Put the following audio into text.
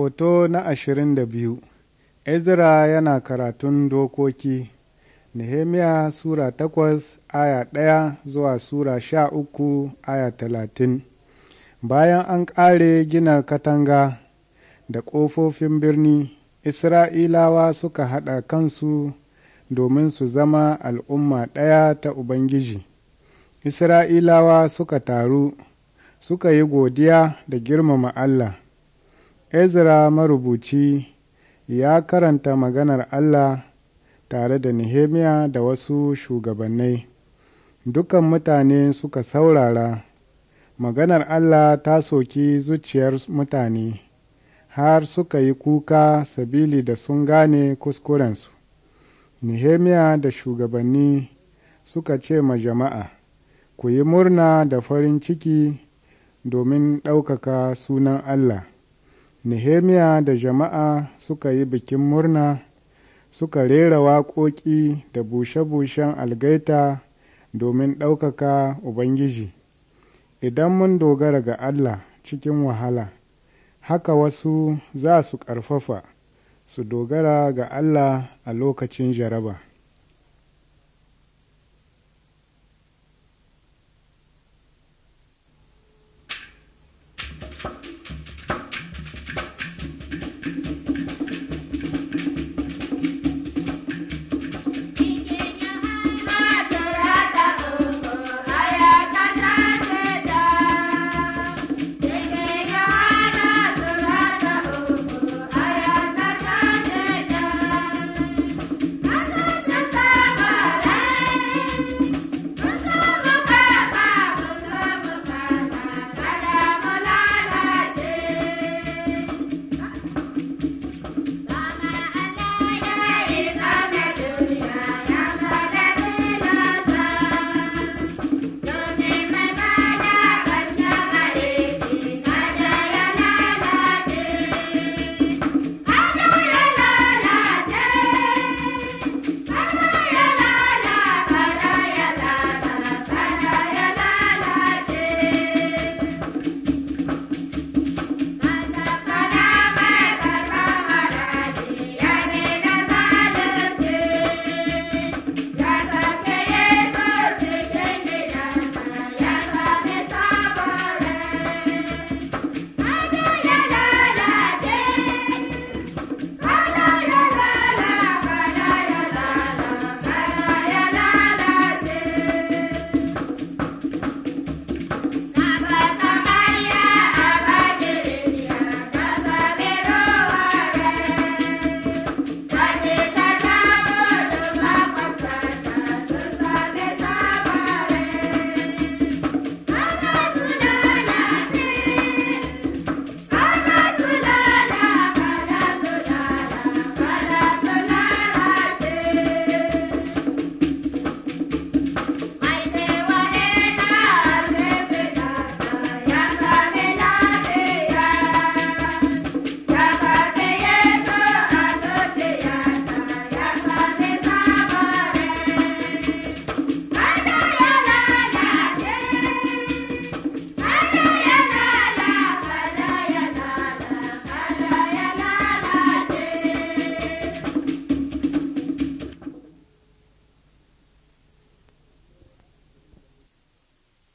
Foto na ashirin da biyu Ezra yana karatun dokoki Nehemiya Sura takwas aya ɗaya zuwa Sura sha uku aya talatin Bayan an ƙare ginar katanga da ƙofofin birni, Isra'ilawa suka haɗa kansu domin su zama al'umma ɗaya ta Ubangiji. Isra'ilawa suka taru, suka yi godiya da girmama Allah. Ezra marubuci ya karanta maganar Allah tare da Nehemiya da wasu shugabannai, dukan mutane suka saurara, maganar Allah ta soki zuciyar mutane, har suka yi kuka sabili da sun gane kuskurensu. Nehemiya da shugabanni suka ce ma jama'a, Ku yi murna da farin ciki domin ɗaukaka sunan Allah. Nehemiya da jama'a suka yi bikin murna suka rera waƙoƙi da bushe-bushen algaita domin ɗaukaka Ubangiji. Idan mun dogara ga Allah cikin wahala, haka wasu za su ƙarfafa su dogara ga Allah a lokacin jaraba.